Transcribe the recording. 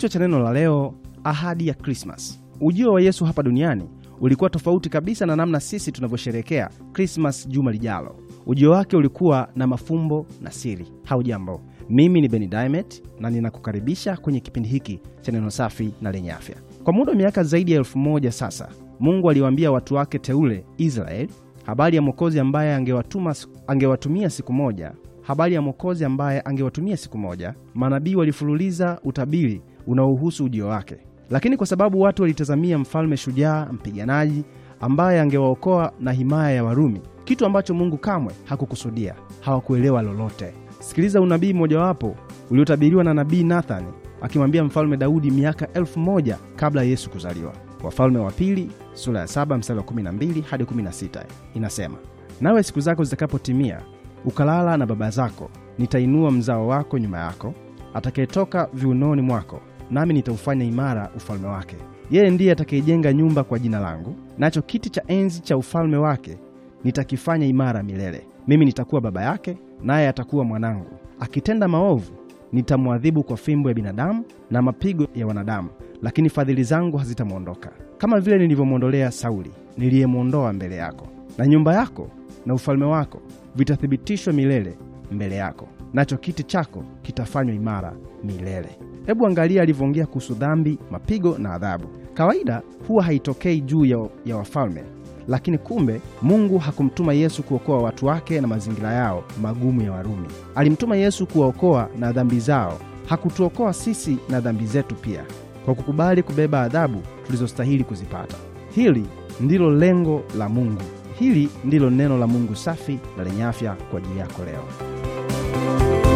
Kichwa cha neno la leo, ahadi ya Krismas. Ujio wa Yesu hapa duniani ulikuwa tofauti kabisa na namna sisi tunavyosherekea Krismas juma lijalo. Ujio wake ulikuwa na mafumbo na siri. hau jambo mimi ni Beni Dimet na ninakukaribisha kwenye kipindi hiki cha neno safi na lenye afya. Kwa muda wa miaka zaidi ya elfu moja sasa, Mungu aliwaambia watu wake teule Israeli habari ya Mwokozi ambaye angewatuma, angewatumia siku moja habari ya Mwokozi ambaye angewatumia siku moja. Manabii walifululiza utabiri unaohusu ujio wake, lakini kwa sababu watu walitazamia mfalme shujaa, mpiganaji ambaye angewaokoa na himaya ya Warumi, kitu ambacho Mungu kamwe hakukusudia, hawakuelewa lolote. Sikiliza unabii mmojawapo uliotabiriwa na nabii Nathani akimwambia mfalme Daudi miaka 1 kabla Yesu kuzaliwa. Wafalme wa Pili sula ya 7 wa 12 hadi 16 inasema, nawe siku zako zitakapotimia ukalala na baba zako, nitainua mzao wako nyuma yako atakayetoka viunoni mwako, nami nitaufanya imara ufalme wake. Yeye ndiye atakayejenga nyumba kwa jina langu, nacho kiti cha enzi cha ufalme wake nitakifanya imara milele. Mimi nitakuwa baba yake, naye atakuwa mwanangu. Akitenda maovu, nitamwadhibu kwa fimbo ya binadamu na mapigo ya wanadamu, lakini fadhili zangu hazitamwondoka, kama vile nilivyomwondolea Sauli niliyemwondoa mbele yako. Na nyumba yako na ufalme wako vitathibitishwa milele mbele yako, nacho kiti chako kitafanywa imara milele. Hebu angalia alivyoongea kuhusu dhambi, mapigo na adhabu. Kawaida huwa haitokei juu ya, ya wafalme, lakini kumbe Mungu hakumtuma Yesu kuokoa watu wake na mazingira yao magumu ya Warumi. Alimtuma Yesu kuwaokoa na dhambi zao. Hakutuokoa sisi na dhambi zetu pia, kwa kukubali kubeba adhabu tulizostahili kuzipata. Hili ndilo lengo la Mungu. Hili ndilo neno la Mungu safi na lenye afya kwa ajili yako leo.